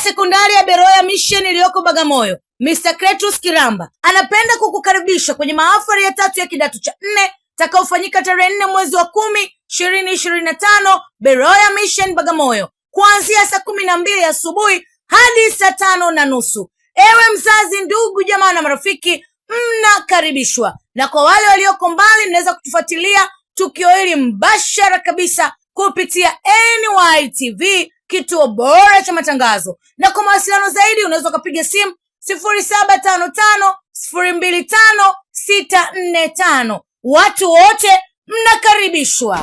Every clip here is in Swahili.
sekondari ya Beroya Mission iliyoko Bagamoyo, Mr. Kretus Kiramba anapenda kukukaribisha kwenye mahafali ya tatu ya kidato cha nne takaofanyika tarehe nne mwezi wa kumi ishirini ishirini na tano Beroya Mission Bagamoyo, kuanzia saa kumi na mbili asubuhi hadi saa tano na nusu. Ewe mzazi, ndugu, jamaa na marafiki, mnakaribishwa, na kwa wale walioko mbali, mnaweza kutufuatilia tukio hili mbashara kabisa kupitia NYTV kituo bora cha matangazo, na kwa mawasiliano zaidi unaweza ukapiga simu sifuri saba tano tano sifuri mbili tano sita nne tano. Watu wote mnakaribishwa.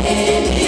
Hey,